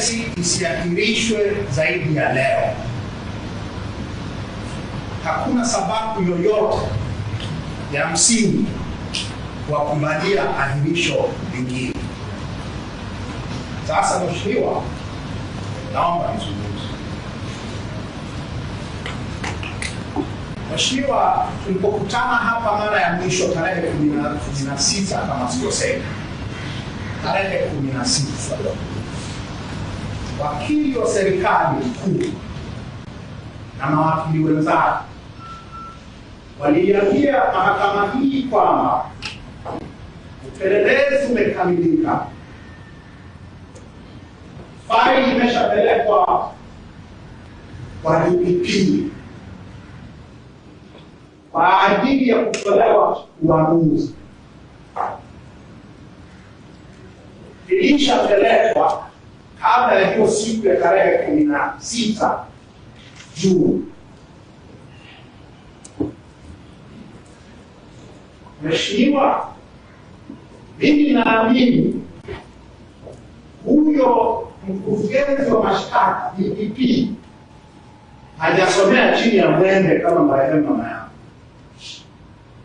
kesi isiahirishwe zaidi ya leo. Hakuna sababu yoyote ya msingi wa kumalia ahirisho lingine. Sasa mheshimiwa, naomba nizungumze. Mheshimiwa, tulipokutana hapa mara ya mwisho tarehe kumi na sita kama sikosea, tarehe kumi na sita wakili wa serikali mkuu na mawakili wenzake waliiambia mahakama hii kwamba upelelezi umekamilika, faili imeshapelekwa kwa DPP kwa ajili ya kutolewa uamuzi, ilishapelekwa kabla ya hiyo siku ya tarehe kumi na sita juu Mheshimiwa, mimi naamini huyo mkurugenzi wa mashtaka DPP hajasomea chini ya mwembe kama marehemu mama yangu,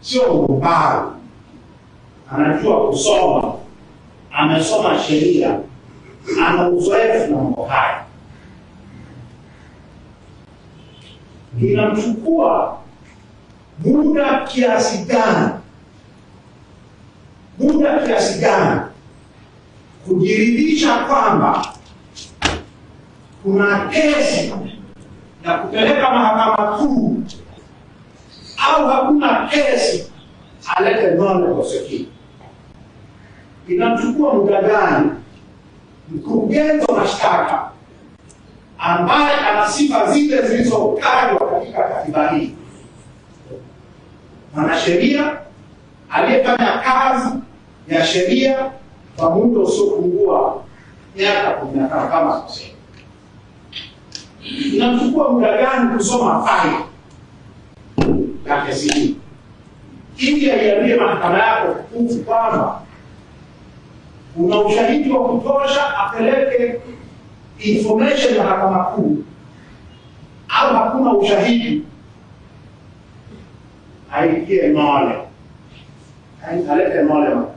sio ubao, anajua kusoma, amesoma sheria ana uzoefu na mambo haya, inamchukua muda kiasi gani, muda kiasi gani kujiridhisha kwamba kuna kesi na kupeleka mahakama kuu au hakuna kesi, alete non prosecuted. Inamchukua muda gani? mkurugenzi wa mashtaka ambaye ana sifa zile zilizotajwa katika katiba hii, mwanasheria aliyefanya kazi ya sheria kwa muda usiopungua miaka kumi na tano kama kusema inachukua muda gani kusoma faili ya kesi hii ili aiambie mahakama yako tukufu kwamba una ushahidi wa kutosha apeleke information ya mahakama kuu, au hakuna ushahidi aingie male alete male